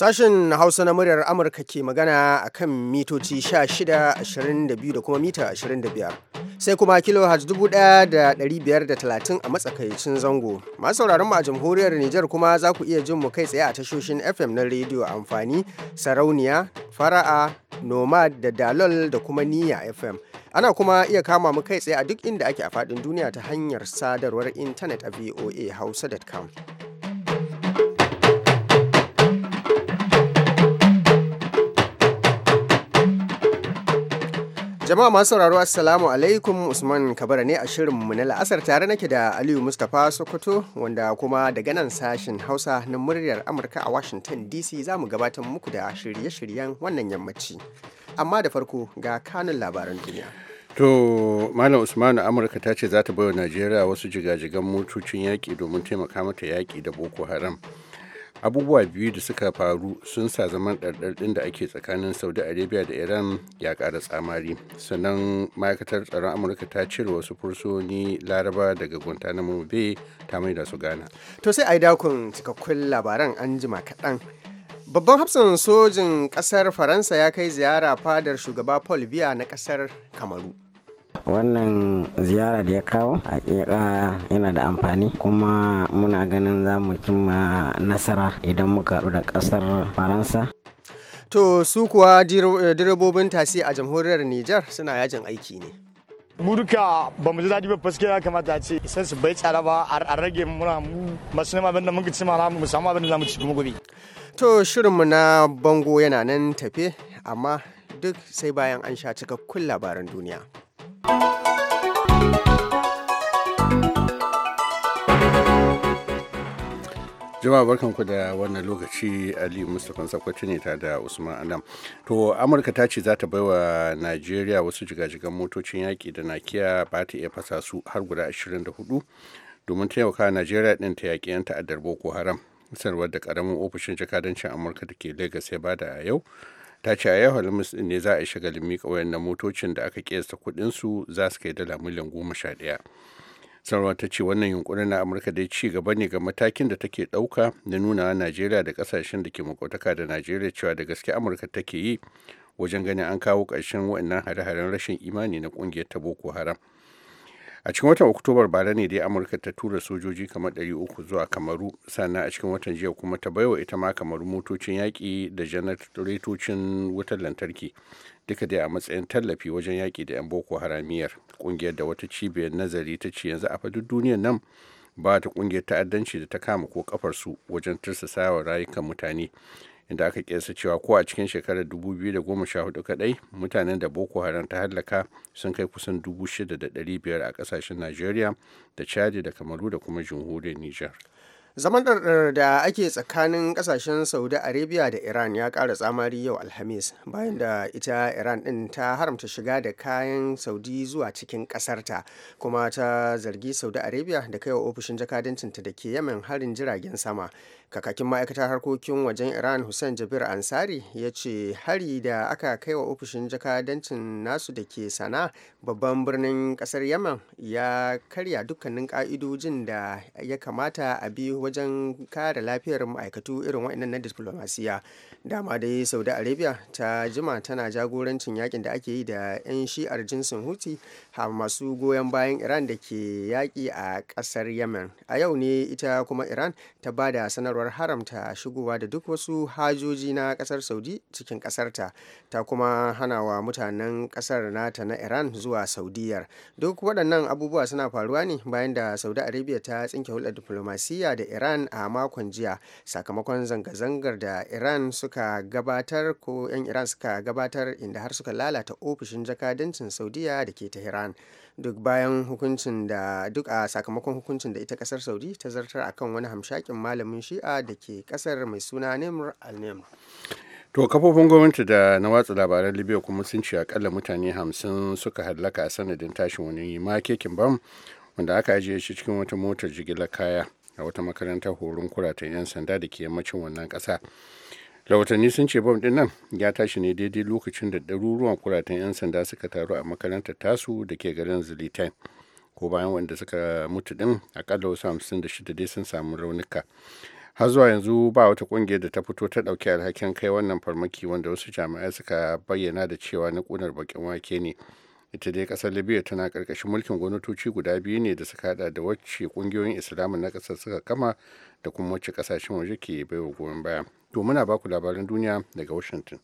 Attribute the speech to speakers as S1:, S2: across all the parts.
S1: Sashen Hausa na muryar Amurka ke magana a kan mitoci 16, 22 da kuma mita 25. Sai kuma kilo da 1530 a matsakaicin zango. Masu sauraron mu a jamhuriyar Nijar kuma za ku iya jin mu kai tsaye a tashoshin FM na rediyo amfani, sarauniya, fara'a, nomad da dalol da kuma Niya FM. Ana kuma iya kama mu kai tsaye a duk inda ake a faɗin duniya ta hanyar sadarwar intanet a VOA hausa.com. Jama'a masu sauraro Assalamu alaikum Usman Kabara ne a mu na la'asar tare nake da Aliyu Mustapha Sokoto wanda kuma daga nan sashen Hausa na muryar Amurka a Washington DC za mu gabatar muku da shirye-shiryen wannan yammaci. Amma da farko ga kanun labaran duniya.
S2: To Malam usman Amurka ta ce za ta baiwa Najeriya wasu jigajigan motocin yaƙi domin taimaka mata yaƙi da Boko Haram. abubuwa biyu da suka faru sun sa zaman ɗarɗarɗin da ake tsakanin saudi arabia da iran ya ƙara tsamari sannan ma'aikatar tsaron amurka ta cire wasu fursoni laraba daga guantanamo bay ta mai da su gana to sai a yi dakon
S1: cikakkun labaran an jima kaɗan babban hafsan sojin ƙasar faransa ya kai ziyara fadar shugaba paul biya na ƙasar kamaru
S3: wannan ziyara da ya kawo hakika yana da amfani kuma muna ganin za mu cimma nasara idan muka haɗu da ƙasar faransa
S1: to su kuwa eh, direbobin tasi a jamhuriyar niger suna yajin aiki ne mu duka ba mu
S3: ji daɗi ba faske ya kamata a ce sai su bai tsara ba a rage muna masu neman abin da muka ci mana mu samu abin da zamu ci kuma gobe
S1: to shirinmu na bango yana nan tafe amma duk sai bayan an sha cikakkun labaran duniya
S2: jama'a barkanku da wannan lokaci ali mustapha sakwaci ne ta da usman adam to amurka ta ce za ta baiwa najeriya wasu jigajigan motocin yaƙi da nakiya ba ta iya fasa su har guda 24 domin taimaka najeriya ɗin ta yaƙi 'yan ta'addar boko haram sanarwar da ƙaramin ofishin jakadancin amurka da ke lagos ya bada a yau ta ce a yau ɗin ne za a shiga miƙa wayannan motocin da aka kiyasta kuɗinsu za su kai dala miliyan goma sha ɗaya sarwa ta ce wannan yunkurin na amurka dai ci gaba ne ga matakin da take ɗauka na nuna najeriya da ƙasashen da ke makwataka da najeriya cewa da gaske amurka take yi wajen ganin an kawo ƙarshen waɗannan hare-haren rashin imani na ƙungiyar ta boko haram a cikin watan oktobar bara ne dai amurka ta tura sojoji kamar 300 zuwa kamaru sannan a cikin watan jiya kuma ta baiwa ita ma kamaru motocin yaƙi da janaretocin wutar lantarki duka dai a matsayin tallafi wajen yaƙi da 'yan boko haramiyar ƙungiyar da wata cibiyar nazari ta ce yanzu a fadin duniyar nan ba ta ƙungiyar ta'addanci da ta kama ko kafar su wajen tursasa rayukan mutane inda aka kesa cewa ko a cikin shekarar 2014 kadai mutanen da boko haram ta hallaka sun kai kusan 6,500 a kasashen nigeria da chad da kamaru da kuma jamhuriyar niger zaman da
S1: ake tsakanin kasashen saudi arabia da iran ya kara tsamari yau alhamis bayan da ita iran din ta haramta shiga da kayan saudi zuwa cikin kasarta kuma ta zargi saudi arabia da kai wa ofishin jakadancinta da ke yamen harin jiragen sama kakakin ma'aikatar harkokin wajen iran hussein jabir ansari ya ce hari da aka kai wa ofishin jakadancin nasu da ke sana babban birnin kasar yaman ya karya dukkanin ka'idojin da ya kamata a bi wajen kare lafiyar ma'aikatu irin waɗannan na diplomasiya dama dai saudi arabia ta jima tana jagorancin yakin da ake yi da 'yan shi'ar jinsin huti masu goyon bayan iran da ke yaƙi a kasar yaman a yau ne ita kuma iran ta ba da sanarwa sanarwar haramta shigowa da duk wasu hajoji na kasar saudi cikin kasarta ta kuma hana wa mutanen kasar nata na iran zuwa saudiyar duk waɗannan abubuwa suna faruwa ne bayan da saudi arabia ta tsinke hulɗar diflomasiyya da iran a makon jiya sakamakon zanga-zangar da iran suka gabatar ko 'yan iran suka gabatar inda har suka lalata ofishin jakadancin saudiya da ke tehran duk bayan hukuncin da duk a sakamakon hukuncin da ita kasar saudi ta zartar akan wani hamshakin malamin shi'a da ke kasar mai suna nemr al-nemr
S2: to kafofin gwamnati da na watsa labaran libya kuma sun ce akalla mutane hamsin suka hallaka a sanadin tashin wani makekin bam wanda aka ajiye shi cikin wata motar jigilar kaya a wata makarantar horon kuratan 'yan sanda da ke yammacin wannan kasa rahotanni sun ce bam din nan ya tashi ne daidai lokacin da ɗaruruwan kuratan 'yan sanda suka taru a makarantar tasu da ke garin zilitan ko bayan wanda suka mutu din akalla wasu hamsin da 56 dai sun samu raunuka har zuwa yanzu ba wata kungiyar da ta fito ta ɗauki alhakin kai wannan farmaki wanda wasu jami'ai suka bayyana da cewa na kunar bakin wake ne ita dai kasar libya tana karkashin mulkin gwamnatoci guda biyu ne da suka hada da wacce kungiyoyin islamu na kasar suka kama da kuma wacce kasashen waje ke baiwa goyon baya to muna baku labaran duniya daga washington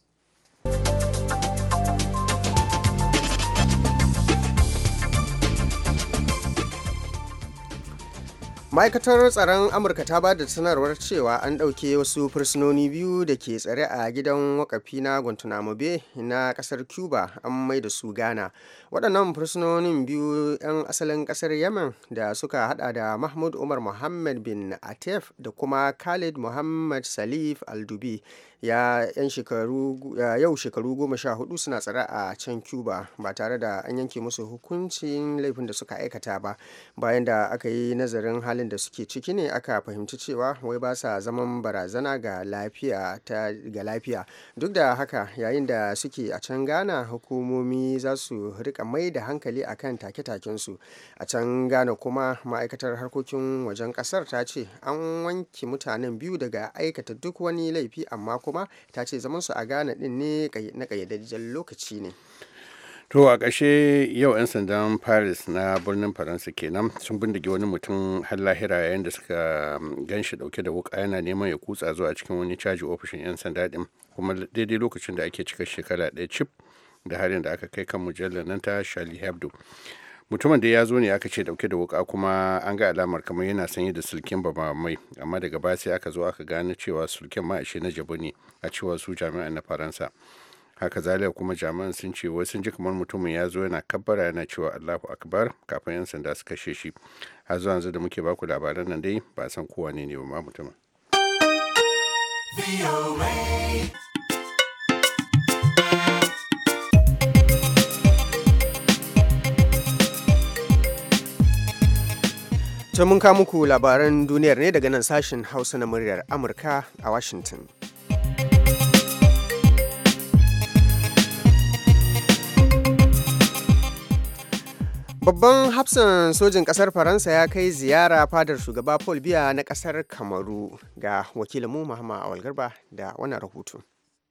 S1: ma'aikatar tsaron amurka ta ba da sanarwar cewa an ɗauke wasu fursunoni biyu da ke tsare a gidan wakafi na guantanamo na ƙasar cuba an mai da su ghana waɗannan fursunonin biyu 'yan asalin ƙasar yemen da suka hada da mahmud umar mohammed bin atef da kuma khalid mohammed salif aldubi ya yan shekaru yau shekaru goma sha hudu suna tsare a can cuba ba tare da an yanke musu hukuncin laifin da suka aikata ba bayan da aka yi nazarin halin da suke ciki ne aka fahimci cewa wai ba sa zaman barazana ga lafiya ta ga lafiya duk da haka yayin da suke a can gana hukumomi za su rika mai da hankali a kan take-takensu a can gana kuma ma'aikatar harkokin wajen kasar ta ce an wanke mutanen biyu daga aikata duk wani laifi amma kuma ta ce zaman su a ghana din ne na kayyadajjen lokaci ne
S2: to a ƙashe yau 'yan sandan paris na birnin faransa kenan sun bindige wani mutum har lahira yayin da suka um, gan shi dauke da wuka yana neman ya kutsa zuwa cikin wani caji ofishin 'yan sanda din kuma daidai lokacin da ake cika shekara ɗaya cif da harin da aka kai kan mujallar nan ta charlie hebdo mutumin da ya zo ne aka ce dauke da wuka kuma an ga alamar kamar yana sanye da sulkin ba mai amma daga baya sai aka zo aka gane cewa sulkin ma ashe na jabu ne a cewa su jami'an na faransa haka zalika kuma jami'an sun ce wai sun ji kamar mutumin ya zo yana kabbara yana cewa allahu akbar kafin yan sanda su kashe shi har zuwa yanzu da muke baku labaran nan dai ba san kowa ne ne ba mutumin
S1: To mun ka muku labaran duniyar ne daga nan sashen Hausa na muryar Amurka a Washington. Babban hafsan sojin kasar Faransa ya kai ziyara fadar shugaba Paul Biya na kasar Kamaru ga wakilinmu Muhammad walgarba da wannan rahoto.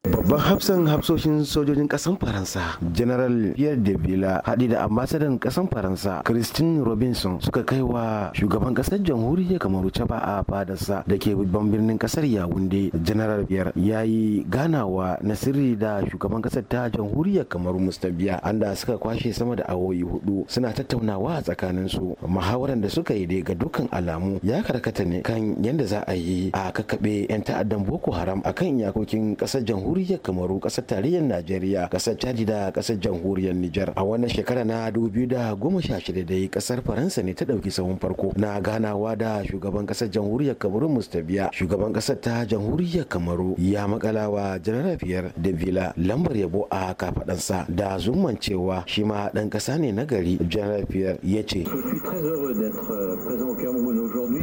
S3: Babban hafsan hafsoshin sojojin ƙasar Faransa, General Pierre de Villa, haɗi da ambasadan ƙasar Faransa, Christine Robinson suka kai wa shugaban ƙasar jamhuriyar Kamaru ba a fadarsa da ke babban birnin ƙasar Yawunde. General Pierre ya yi ganawa na sirri da shugaban ƙasar ta jamhuriyar Kamaru Biya, anda suka kwashe sama da awoyi hudu suna tattaunawa a tsakanin su. Muhawaran da suka yi dai ga dukkan alamu ya karkata ne kan yadda za a yi a kakkaɓe 'yan ta'addan Boko Haram akan iyakokin ƙasar jamhuriyar jamhuriyar kamaru kasar tarayyar najeriya kasar chadi da kasar jamhuriyar nijar a wannan shekara na dubu da goma sha shida dai kasar faransa ne ta ɗauki sahun farko na ganawa da shugaban kasar jamhuriyar kamaru mustabiya shugaban kasar ta jamhuriyar kamaru ya makala wa janar fiyar da vila lambar yabo a kafaɗansa da zumman cewa shi ma dan kasa ne na gari janar fiyar ya ce euh,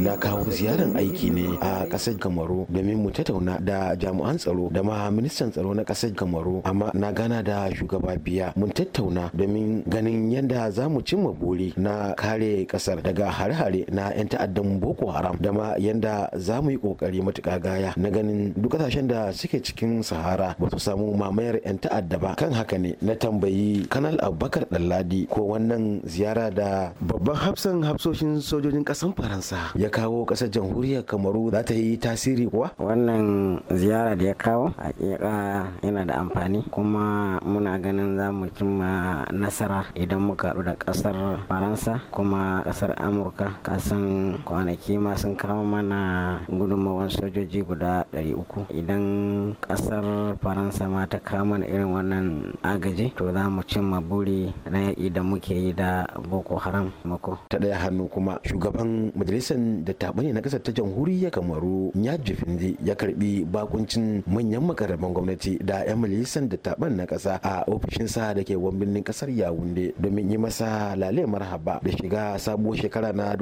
S3: na kawo ziyarar aiki ne a ƙasar kamaru domin mu tattauna da jami'an tsaro da ma minista ministan tsaro na ƙasar kamaru amma na gana da shugaba biya mun tattauna domin ganin yadda za mu cimma buri na kare ƙasar daga hare-hare na 'yan ta'addan boko haram da ma yadda za mu yi ƙoƙari matuƙa gaya na ganin duk ƙasashen da suke cikin sahara ba su samu mamayar 'yan ta'adda ba kan haka ne na tambayi kanal abubakar ɗanladi ko wannan ziyara da babban hafsan hafsoshin sojojin ƙasar faransa ya kawo ƙasar jamhuriyar kamaru za ta yi tasiri kuwa wannan ziyara da ya kawo a A yana da amfani kuma muna ganin za mu cimma nasara idan muka haɗu da ƙasar Faransa kuma ƙasar Amurka kasan kwanaki ma sun kawo mana gudunmawar sojoji guda 300 idan ƙasar Faransa ma ta kawo mana irin wannan agaji to za mu cimma buri na yaƙi da muke yi da Boko Haram mako. Ta ɗaya hannu kuma shugaban majalisar da dattabai na ƙasar ta jamhuriyar Kamaru ya Jefinde ya karɓi bakuncin manyan makarraban gwamnati da 'yan majalisar taban na kasa a ofishin sa da ke birnin ƙasar yawunde domin yi masa lale marhaba da shiga sabuwar shekara na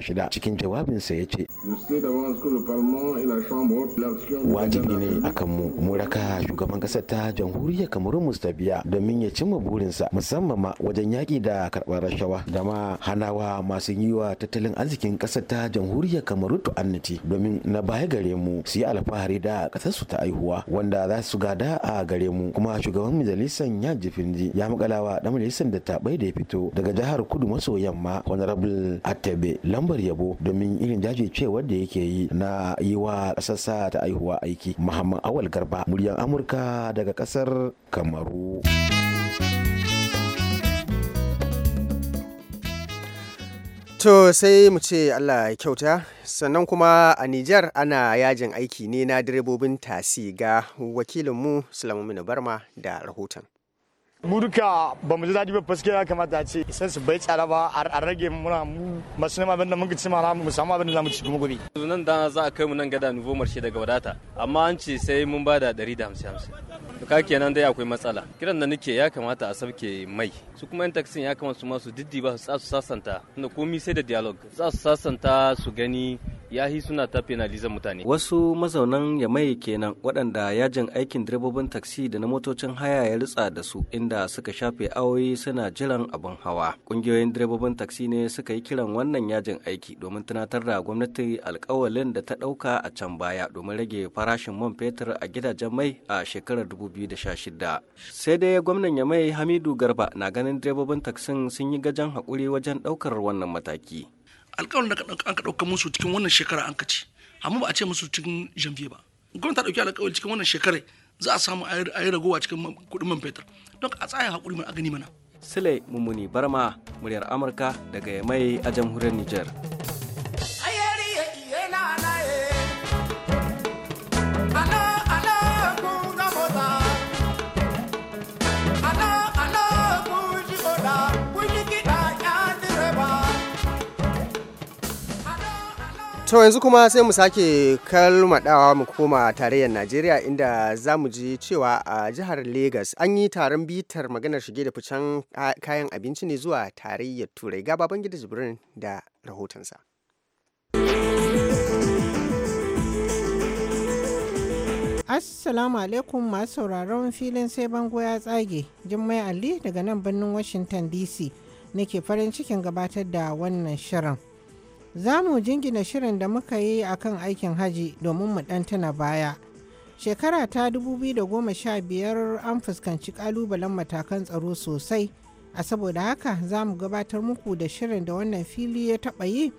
S3: shida. cikin jawabinsa ya ce wajibi ne akan mu mu raka shugaban ƙasar ta jamhuriyar kamarun mustabiya domin ya cimma burinsa musamman ma wajen yaƙi da karɓar rashawa da ma hanawa masu yi wa tattalin arzikin ƙasar ta jamhuriyar kamarun tu'annati domin na baya gare mu su yi alfahari da su ta aihuwa wanda za su gada a gare mu kuma shugaban majalisar ya jifinji ya makalawa dan majalisar da tabai da ya fito daga jihar kudu maso yamma honorable atebe lambar yabo domin irin jajircewar da yake yi na yi wa sassa ta aihuwa aiki muhammad awal garba muryar amurka daga ƙasar kamaru.
S1: To sai mu ce Allah ya kyauta sannan kuma a Nijar ana yajin aiki ne na direbobin tasi ga wakilinmu Sulaimu Barma da rahoton.
S3: mu duka ba mu ji daɗi ba faske ya kamata a ce sai su bai tsara ba a
S4: rage muna mu masu nema abin da muka ci mana mu samu abin da za mu ci kuma gobe. nan da za a kai mu nan gada nuvo marshe daga wadata amma an ce sai mun ba da ɗari da hamsin hamsin. duka kenan dai akwai matsala kiran da nake ya kamata a sauke mai su kuma yan taksin ya kamata su ma su diddiba su su sasanta tunda komi sai da dialogue za su sasanta su gani yahi suna ta penalizan mutane wasu mazaunan yamai kenan waɗanda yajin aikin direbobin taksi da na motocin haya ya ritsa da su inda suka shafe awoyi suna jiran abin hawa ƙungiyoyin direbobin taksi ne suka yi kiran wannan yajin aiki domin tunatar da gwamnati alkawalin da ta ɗauka a can baya domin rage farashin man fetur a gidajen mai a shekarar dubu 2016 sai dai gwamnan ya mai hamidu garba na ganin direbobin taksin sun yi gajan haƙuri wajen ɗaukar wannan mataki alƙawarin da an ka ɗauka musu cikin wannan shekara an kaci amma ba a ce musu cikin janvier ba gwamnati ta ɗauki alƙawarin cikin wannan shekarar za a samu a yi ragowa cikin kuɗin man fetur don a tsaya haƙuri mai a gani mana sule mummuni barma muryar amurka daga mai a jamhuriyar niger
S1: To yanzu kuma sai mu sake kalmadawa mu koma tarayyar Najeriya inda za mu ji cewa a jihar Legas an yi taron bitar maganar shige da ficen kayan abinci ne zuwa tarayyar Turai ga gida Jibrin da rahotonsa.
S5: Assalamu alaikum masu sauraron filin sai bango ya tsage, Jummai Ali daga nan birnin Washington DC nake farin cikin gabatar da wannan shirin. za mu jingina shirin da muka yi a kan aikin hajji domin mu dan tuna baya. Shekara ta 2015 an fuskanci kalubalen matakan tsaro sosai, a saboda haka za mu gabatar muku da shirin da wannan fili ya taɓa yi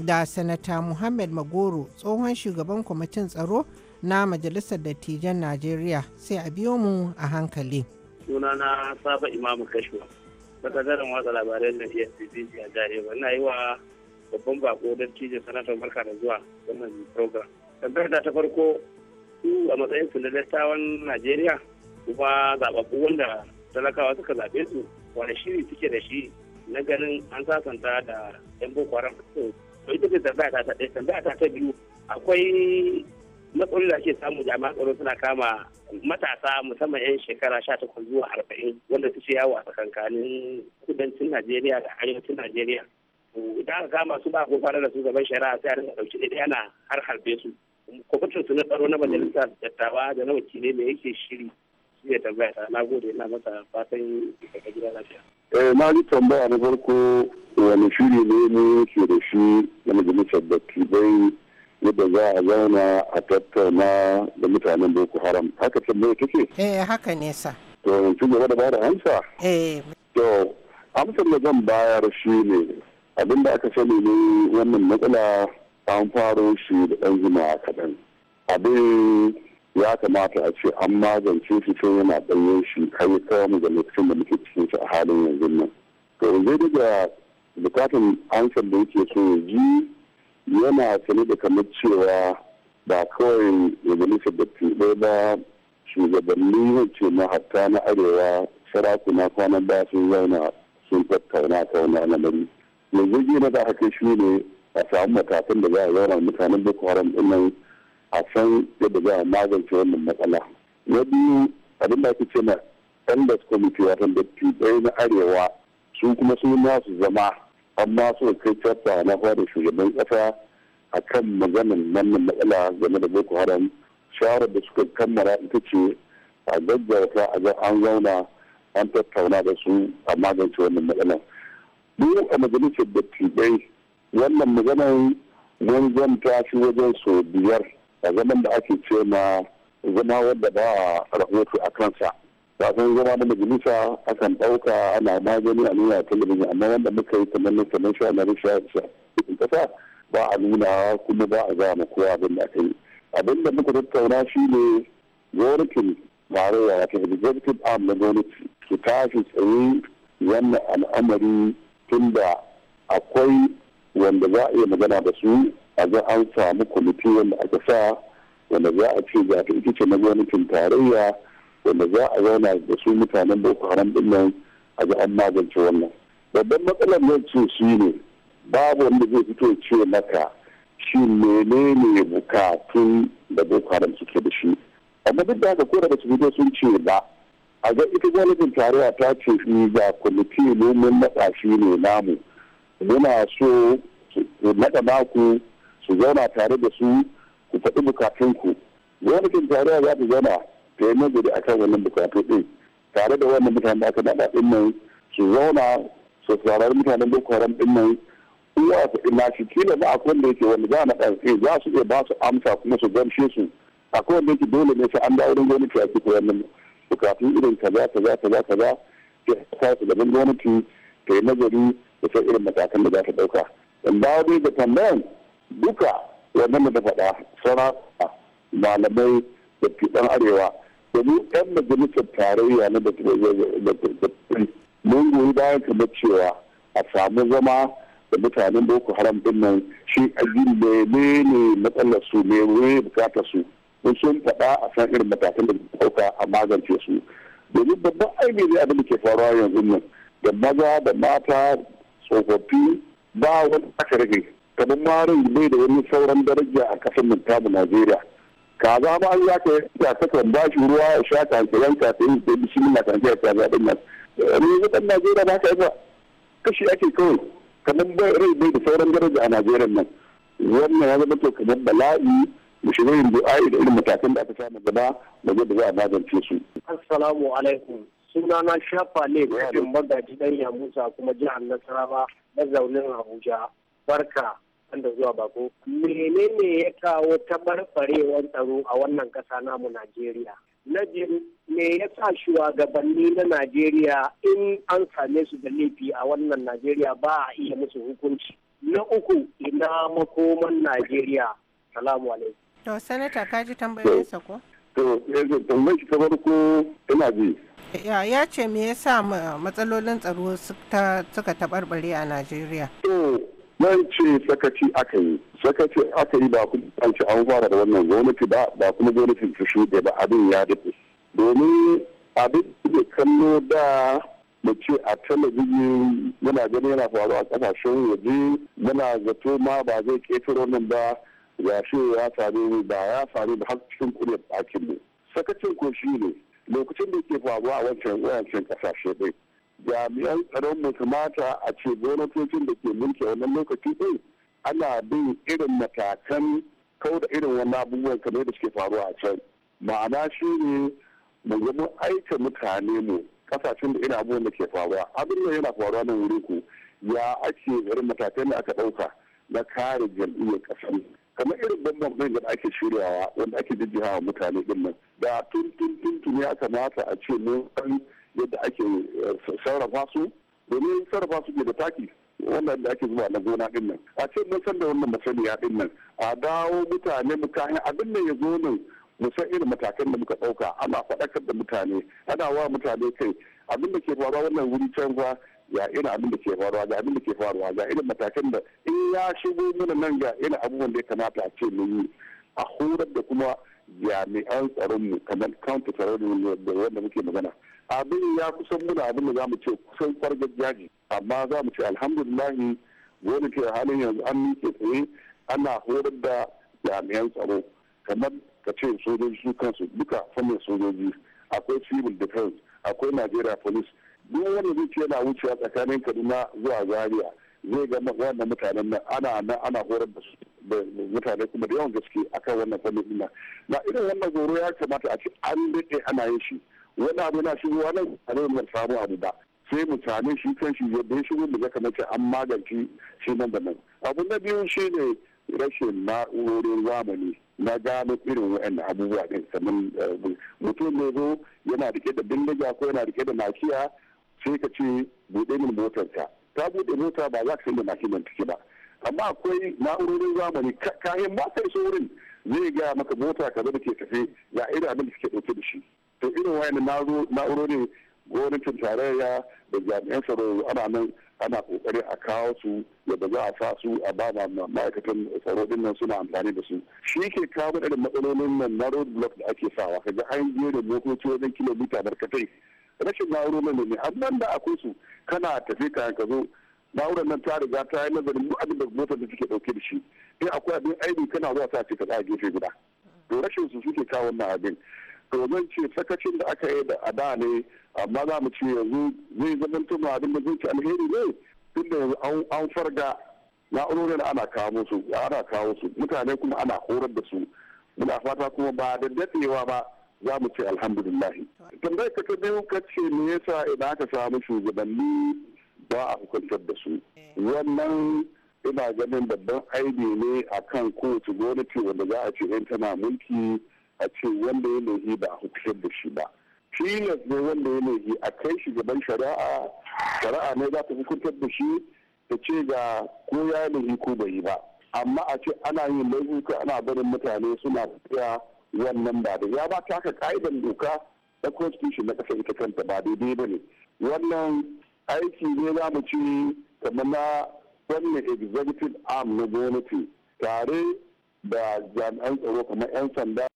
S5: da Sanata Muhammad Magoro tsohon shugaban kwamitin tsaro na Majalisar Dattijan Najeriya sai a biyo mu a hankali.
S4: Sunana safa Imamu Kashwa, watsa labarai na e a na yi wa babban bako don tijin sanata barka da zuwa wannan program tambayar da ta farko su a matsayin su na dattawan najeriya kuma zababbu wanda talakawa suka zaɓe su wani shiri suke da shi na ganin an sasanta da yan boko haram to ita ce tambaya ta ɗaya tambaya ta ta biyu akwai matsaloli da ake samu jami'an tsaro suna kama matasa musamman 'yan shekara sha takwas zuwa arba'in wanda su yawo a tsakankanin kudancin najeriya da arewacin najeriya da aka kama su ba ko fara da su gaban shari'a sai a rinka ɗauki ɗaya ana har harbe su
S6: kwamitin su na tsaro na majalisa dattawa da na ne me yake shiri shi ne tambaya ta na gode ina masa fatan daga gida lafiya. eh na ji tambaya na farko wani shiri ne ne ke da shi na majalisar dattijai yadda za a zauna a tattauna da mutanen boko haram haka tambaya take?
S5: eh haka ne sa.
S6: to yanzu gaba da ba da amsa? eh. to amsar da zan bayar shi ne abin da aka sani ne wannan matsala an faro shi da ɗan zuma kaɗan abin ya kamata a ce an magance shi sai yana ɗanyen shi har ya kawo da lokacin da muke cikin shi a halin yanzu nan to zai daga bukatan ansar da yake so ji yana sani da kamar cewa ba kawai majalisar da tuɗe ba shugabanni wacce na hatta na arewa sarakuna kwanan ba sun zauna sun tattauna ta na lamari yanzu gina da aka shi ne a samu matakan da za a zauna mutanen boko haram din nan a san yadda za a magance wannan matsala na biyu abin da ake ce na elders committee wato dattijai na arewa su kuma su nasu zama amma suka kai tattawa na fara shugaban kasa a kan maganin wannan matsala game da boko haram shawarar da suka kammala ita ce a gaggauta a an zauna an tattauna da su a magance wannan matsalar mu a majalisar dattijai wannan maganar mun ta shi wajen so biyar a zaman da ake ce na zama wadda ba rahoto a kansa kafin zama na majalisa akan ɗauka ana magani a nuna talabijin amma wanda muka yi kamar kamar sha na sha cikin ƙasa ba a nuna kuma ba a gama kowa abin da aka yi abin da muka tattauna shi ne gwamnatin tarayya wato executive arm na gwamnati su tashi tsaye wannan al'amari tunda akwai wanda za a iya magana da su a ga an samu kwamiti wanda aka sa wanda za a ce ga ita ce na gwamnatin tarayya wanda za a zauna da su mutanen boko haram din nan a ga an magance wannan babban matsalar nan ce shi ne babu wanda zai fito ce maka shi menene bukatun da boko haram suke da shi amma duk da haka ko da ba su fito sun ce ba a ga ita gwamnatin tarayya ta ce ga kwamiti ne mun shi ne namu muna so naɗa maku su zauna tare da su ku faɗi bukatunku gwamnatin tarayya za ta zauna ta yi nazari a kan wannan bukatu ɗin tare da wannan mutanen da aka naɗa ɗin nan su zauna su tsarar mutanen boko haram ɗin nan uwa su ina shi kila ba a kwanda yake wanda za a naɗa ɗin za su iya ba su amsa kuma su gamshe su a wanda yake dole ne sai an dawo wurin gwamnati a cikin wannan bukatun irin kaza kaza kaza kaza ya sa su gaban gwamnati ta yi nazari da sai irin matakan da za ta ɗauka. Dan ba dai da tambayan duka wannan da faɗa sana malamai da fiɗan arewa domin ɗan majalisar tarayya na da mun goyi bayan kamar cewa a samu zama da mutanen boko haram ɗin nan shi aji mene ne matsalar su ne bukatar su sun sun faɗa a san irin matakan da ɗauka a magance su domin babban aibi ne abin da ke faruwa yanzu nan da maza da mata tsofaffi ba wani aka rage kamar marin bai da wani sauran daraja a kasar nan tamu najeriya kaza ma an yaka ya takan ba shi ruwa ya sha kankiran kafin da bishi mina kankiran ta zaɓin nan eh, ne ɗan najeriya ba ka yi ba kashi ake kawai kamar rai bai da sauran daraja a najeriya nan wannan ya zama to kamar bala'i da shirin da irin matakan da aka samu gaba da yadda za a magance su. Assalamu alaikum. Suna na shafa ne kafin magaji dan ya musa kuma jihar Nasarawa mazaunin Abuja. Barka an da zuwa bako. Menene ya kawo tabarfarewar tsaro a wannan ƙasa namu Najeriya? Na me ya sa shugabanni
S4: na Najeriya in an same su da laifi a wannan Najeriya ba a iya musu
S6: hukunci. Na uku ina makoman Najeriya. Salamu alaikum.
S4: To
S5: sanata kaji ji ko?
S6: To eh, eh, yanzu ina ji.
S5: Ya ce me yasa matsalolin tsaro suka taɓarɓare a Najeriya?
S6: To nan ce sakaci aka yi sakaci aka yi ba ku an ce an fara da wannan gwamnati ba ba kuma gwamnati ta shuɗe ba abin ya daɗe domin abin da kallo da da ce a talabijin muna gani yana faruwa a ƙasashen waje muna zato ma ba zai ƙetare nan ba yashe ya faru ni ba ya faru da har cikin kuriyar ɗakin ne sakacin ko shi ne lokacin da ke faruwa a wancan wancan kasashe ɗin jami'an tsaron mu kamata a ce gwamnatocin da ke mulki a wannan lokaci ɗin ana bin irin matakan kau da irin wannan abubuwan kamar da suke faruwa a can ma'ana shi ne mu ga mun aika mutane mu kasashen da irin abubuwan da ke faruwa abin da yana faruwa nan wurin ku ya ake irin matakan da aka ɗauka na kare jam'iyyar ƙasar kamar irin bambam da ake shiryawa wanda ake jijjihawa mutane ɗin nan da tun ya kamata a ce mun san yadda ake eh, sarrafa su domin sarrafa su ke da taki wannan da ake zuwa na gona ɗin nan a ce mun san da wannan masaniya ɗin nan a dawo mutane mu kayan abin da ya zo nan mu san irin matakan da muka ɗauka ana faɗakar da mutane ana wa mutane kai abin da ke faruwa wannan wuri canza. ya irin abin da ke faruwa ga abin da ke faruwa ga irin matakan da in ya shigo mana nan ga irin abubuwan da ya kamata a ce mun yi a horar da kuma jami'an tsaronmu kamar counter terrorism da wanda muke magana abin ya kusan muna abin da zamu ce kusan kwargar jaji amma za mu ce alhamdulillahi wani ke halin yanzu an miƙe tsaye ana horar da jami'an tsaro kamar ka ce sojoji su kansu duka fannin sojoji akwai civil defense akwai nigeria police duk wanda zuciya wuce yana wucewa tsakanin kaduna zuwa zaria zai ga wannan mutanen nan ana nan ana horar da mutane kuma da yawan gaske akan wannan fannin ina na irin wannan goro ya kamata a ce an daɗe ana yin shi wani abu na shigowa nan a zai mai samu abu ba sai mutane shi kan shi yadda ya shigo mu ga an magance shi nan da nan abu na biyu shi ne rashin na'urorin zamani na gano irin wa'annan abubuwa ɗin sannan eh, mutum ne zo yana rike da bindiga ko yana rike da makiya. sai ka ce buɗe min motarka ta buɗe mota ba za ka san da mashin nan ba amma akwai na'urorin zamani kayan ba kai wurin zai gaya maka mota kaza da ke tafe ga irin abin da suke ɗauke da shi to irin wayan na'urorin gwamnatin tarayya da jami'an tsaro ana nan ana kokari a kawo su yadda za a sa su a ba ma'aikatan tsaro din nan suna amfani da su shi ke kawo irin matsalolin nan na road block da ake sawa kaga an jere motoci wajen kilomita barkatai rashin na'urorin ne har da akwai su kana tafi ka ka zo na'urar nan ta riga ta yi nazarin duk abin da motar da suke dauke da shi in akwai abin aini kana zuwa ta ce ka tsaya gefe guda to rashin su suke kawo wannan abin to zan ce sakacin da aka yi da a da ne amma za mu ce yanzu zai zama tuma abin da zai ci alheri ne tun da yanzu an farga na'urorin ana kawo su ana kawo su mutane kuma ana horar da su muna fata kuma ba da dadewa ba za mu ce alhamdulillahi tambayar ka ta biyu ka ce me yasa idan aka samu shugabanni ba a hukuntar da su wannan ina ganin babban aibi ne a kan kowace gwamnati wanda za a ce yan tana mulki a ce wanda ya laifi ba a hukuntar da shi ba tilas ne wanda ya laifi a kai shugaban shari'a shari'a ne za ta hukuntar da shi ta ce ga ko ya laifi ko bai yi ba amma a ce ana yin laifuka ana barin mutane suna tafiya wannan ba da ya ba ta ka ka'idan doka na constitution na kasar ita kanta ba daidai ba ne wannan aiki ne za mu ci kamar na wannan executive arm na gwamnati tare da jami'an tsaro kamar 'yan sanda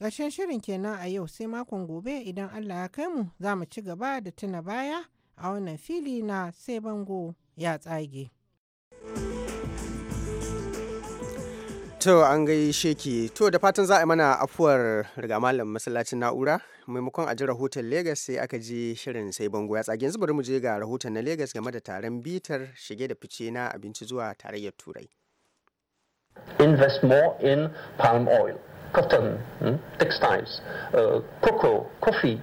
S5: Ƙarshen shirin kenan a yau sai makon gobe idan Allah ya kai mu za mu ci gaba da tuna baya a wannan fili na sai bango ya tsage.
S1: To an gai sheki to da fatan za a mana afuwar riga malam masallacin na'ura maimakon a ji rahoton Legas sai aka ji shirin sai bango ya tsage yanzu bari mu je ga rahoton na Legas game da taron bitar shige da fice na abinci zuwa tarayyar Turai.
S4: Invest more in palm oil, cotton, hmm, textiles,
S7: uh, cocoa, coffee,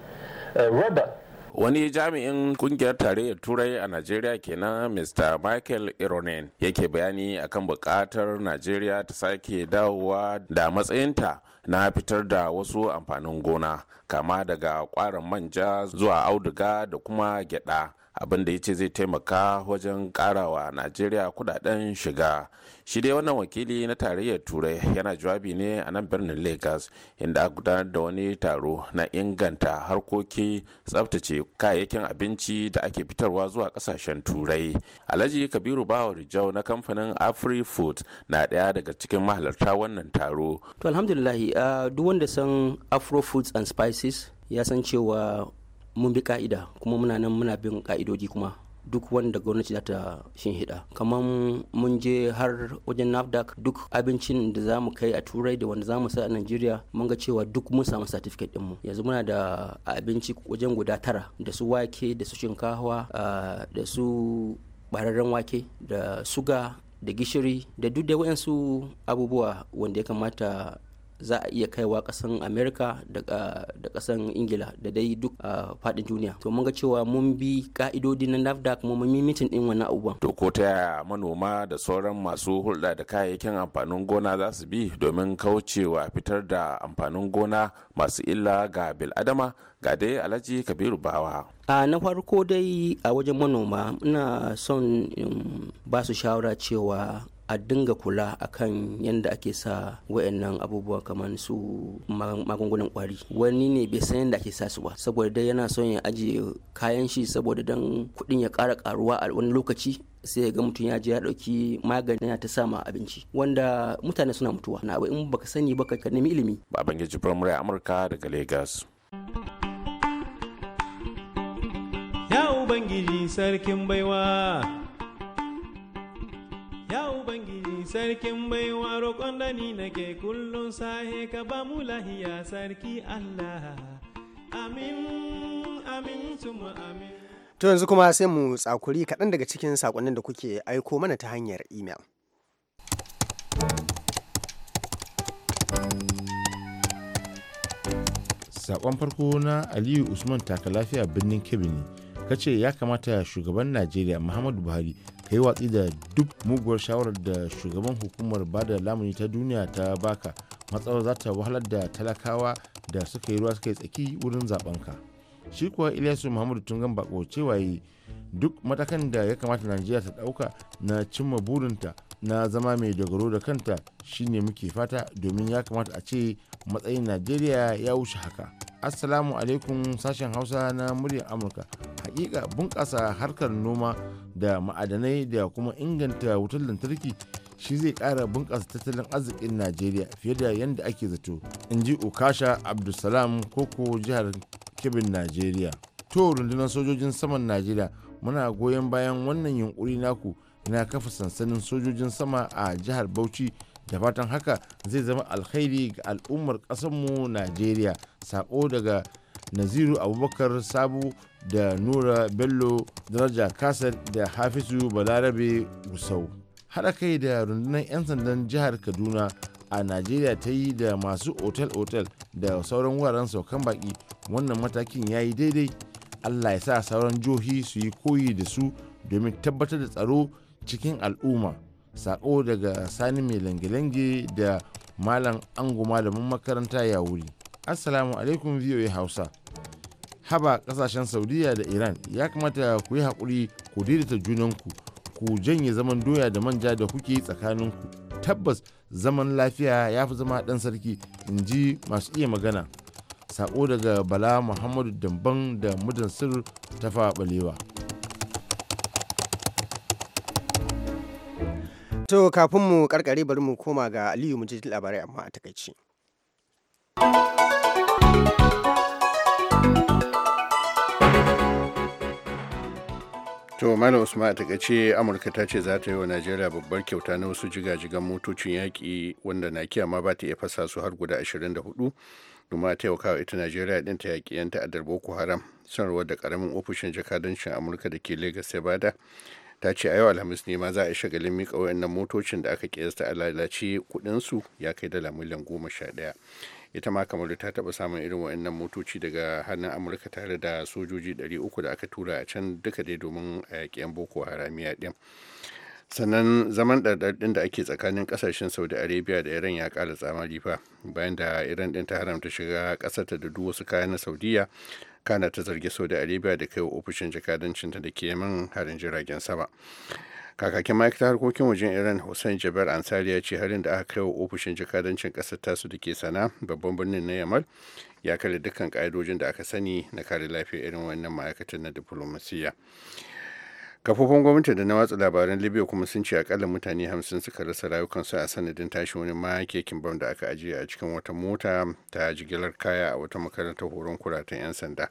S7: uh, rubber wani jami'in kungiyar tarayyar turai a najeriya kenan mr michael ironen yake bayani akan bukatar najeriya ta sake dawowa da matsayinta na fitar da wasu amfanin gona kama daga kwarin manja zuwa auduga da kuma gyada abin da ya ce zai taimaka wajen karawa najeriya kudaden shiga shi dai wannan wakili na tarayyar turai yana jawabi ne a nan birnin lagos inda a gudanar da wani taro na inganta harkoki tsabtace kayayyakin abinci da ake fitarwa zuwa kasashen turai alhaji kabiru bawa jau na kamfanin afri food na daya daga cikin mahalarta wannan taro
S4: to alhamdulillah ah, duk wanda san afro foods and spices ya san cewa mun bi ka'ida kuma muna nan muna bin ka'idoji kuma duk wanda gwamnati za ta shinhiɗa kamar mun je har wajen nafdac duk abincin da za mu kai a turai da wanda za mu sa a najeriya mun ga cewa duk mun samu certificate ɗinmu yanzu muna da abinci wajen guda tara da su wake da su shinkawa ah, da su bararren wake da suga da gishiri da duk da wayansu abubuwa wanda ya kamata za a iya kaiwa kasan america da kasan ingila da dai duk fadin duniya to mun ga cewa mun bi ka'idodi na nafdac kuma mun yi mitin din wannan abubuwan to ko
S7: ta yaya manoma da sauran masu hulɗa da kayayyakin amfanin gona za su bi domin kaucewa fitar da amfanin gona masu illa ga bil'adama ga dai alhaji kabiru bawa
S4: a na farko dai a wajen manoma ina son ba su shawara cewa a dinga kula a kan yadda ake sa wayannan abubuwa kamar su magungunan kwari wani ne bai san yadda ake sa su ba saboda dai yana son ya ajiye kayan shi saboda dan kuɗin ya kara karuwa a wani lokaci sai ga mutum ya ji ya dauki magani ya ta sama abinci wanda mutane suna mutuwa na abu in baka sani baka ka nemi ilimi babangeji primary amurka daga Legas.
S7: ya ubangiji sarkin baiwa Ya Ubangiji sarkin baiwa roƙon da nake kullum sahe ka ba mu lahiya sarki
S4: Allah. Amin, amin, tuma amin.
S1: To yanzu kuma sai mu tsakuri kaɗan daga cikin saƙonnin da kuke aiko mana ta hanyar imel.
S8: sakon farko na aliyu usman takalafiya lafiya birnin kebbi ne kace ya kamata shugaban najeriya muhammadu buhari ka yi watsi da duk muguwar shawarar da shugaban hukumar bada lamuni ta duniya ta baka matsalar za ta wahalar da talakawa da suka yi ruwa suka yi tsaki wurin ka shi kuwa ilyasu muhammadu tungan bako cewa yi duk matakan da ya kamata najeriya ta dauka na cimma burinta na zama mai dogaro da kanta shine muke fata domin ya kamata a ce matsayin najeriya ya wuce haka assalamu alaikum sashen hausa na muryar amurka hakika bunƙasa harkar noma da ma'adanai da kuma inganta wutar lantarki shi zai kara bunƙasa tattalin arzikin najeriya fiye da yadda ake zato in ji ukasha abdulsalam koko jihar kebin najeriya to rundunar sojojin saman najeriya muna goyon bayan wannan yunkuri naku na kafa sansanin sojojin sama a jihar bauchi da fatan haka zai zama alkhairi ga al'ummar ƙasarmu najeriya sako daga naziru abubakar sabu da nura bello daraja kasar da hafizu balarabe gusau haɗa kai da rundunar 'yan sandan jihar kaduna a najeriya ta yi da masu otel-otel da sauran wuraren saukan baki wannan matakin ya yi daidai allah ya sa sauran johi su yi koyi da su domin tabbatar da tsaro cikin al'umma sako daga sani mai lange da malam anguma da makaranta ya wuri assalamu alaikum voa hausa haba kasashen saudiya da iran ya kamata ku yi haƙuri ku daidaita junanku ku janye zaman doya da manja da kuke tsakaninku tabbas zaman lafiya ya fi zama ɗan sarki in ji masu iya magana sako daga bala muhammadu damban da mudan sir ta balewa to kafin mu karkare
S1: bari mu koma ga aliyu mu ji labarai amma a takaici.
S2: to malam usman a ce amurka ta ce za ta yi wa najeriya babbar kyauta na wasu jigajigan motocin yaƙi wanda na kiyama ba ta iya fasa su har guda 24 domin a taimaka wa ita najeriya din ta yaƙi yan ta'addar boko haram sanarwar da karamin ofishin jakadancin amurka da ke lagos ya bada ta ce a yau alhamis ne ma za a yi shagalin miƙa wayannan motocin da aka kiyasta a lalace kuɗinsu ya kai dala miliyan goma sha ɗaya ita ma kamar ta taba samun irin wa'annan motoci daga hannun amurka tare da sojoji 300 da aka tura a can duka dai domin a yaƙi boko haramiya ɗin sannan zaman ɗarɗarɗin da ake tsakanin ƙasashen saudi arabia da iran ya ƙara tsamari fa bayan da iran ɗin ta haramta shiga ƙasarta da duk wasu kayan na saudiya kana ta zargi saudi arabia da kai wa ofishin jakadancinta da ke yamin harin jiragen sama kakakin ta harkokin wajen iran hussein jabar ansari ya ce harin da aka kai wa ofishin jakadancin ta tasu da ke sana babban birnin na yamal ya kare dukkan ka'idojin da aka sani na kare lafiyar irin wannan ma'aikatan na diflomasiyya kafofin gwamnati da na watsa labaran libya kuma sun ce akalla mutane hamsin suka rasa rayukansu a sanadin tashi wani makekin bam da aka ajiye a cikin wata mota ta jigilar kaya a wata makarantar horon kuratan 'yan sanda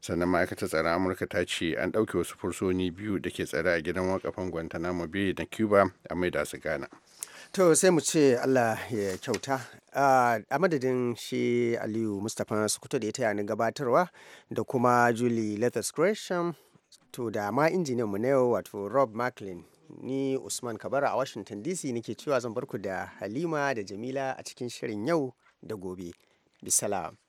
S2: sannan ma'aikatar tsaron amurka ta ce an ɗauke wasu fursoni biyu da ke tsare a gidan wakafan guantanamo bay na cuba a mai da su gana.
S1: to sai mu ce allah ya kyauta a madadin shi aliyu mustapha sukuto da ya taya ni gabatarwa da kuma julie letters gresham to da ma injiniyanmu na yau wato rob macklin ni usman kabara a washington dc nake cewa zan barku da halima da jamila a cikin shirin yau da gobe bisalam